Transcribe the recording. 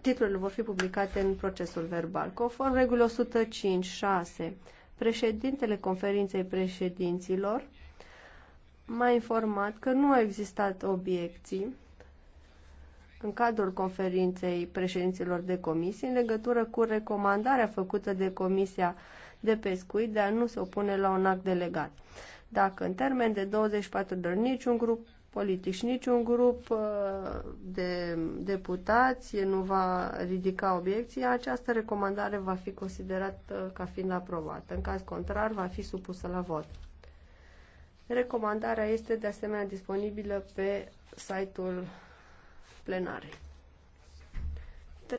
titlurile vor fi publicate în procesul verbal. Conform regulă 105.6, președintele conferinței președinților m-a informat că nu au existat obiecții în cadrul conferinței președinților de comisie în legătură cu recomandarea făcută de Comisia de Pescuit de a nu se opune la un act delegat. Dacă în termen de 24 de ori niciun grup politic și niciun grup uh, de deputați nu va ridica obiecții, această recomandare va fi considerată ca fiind aprobată. În caz contrar, va fi supusă la vot. Recomandarea este de asemenea disponibilă pe site-ul plenarei.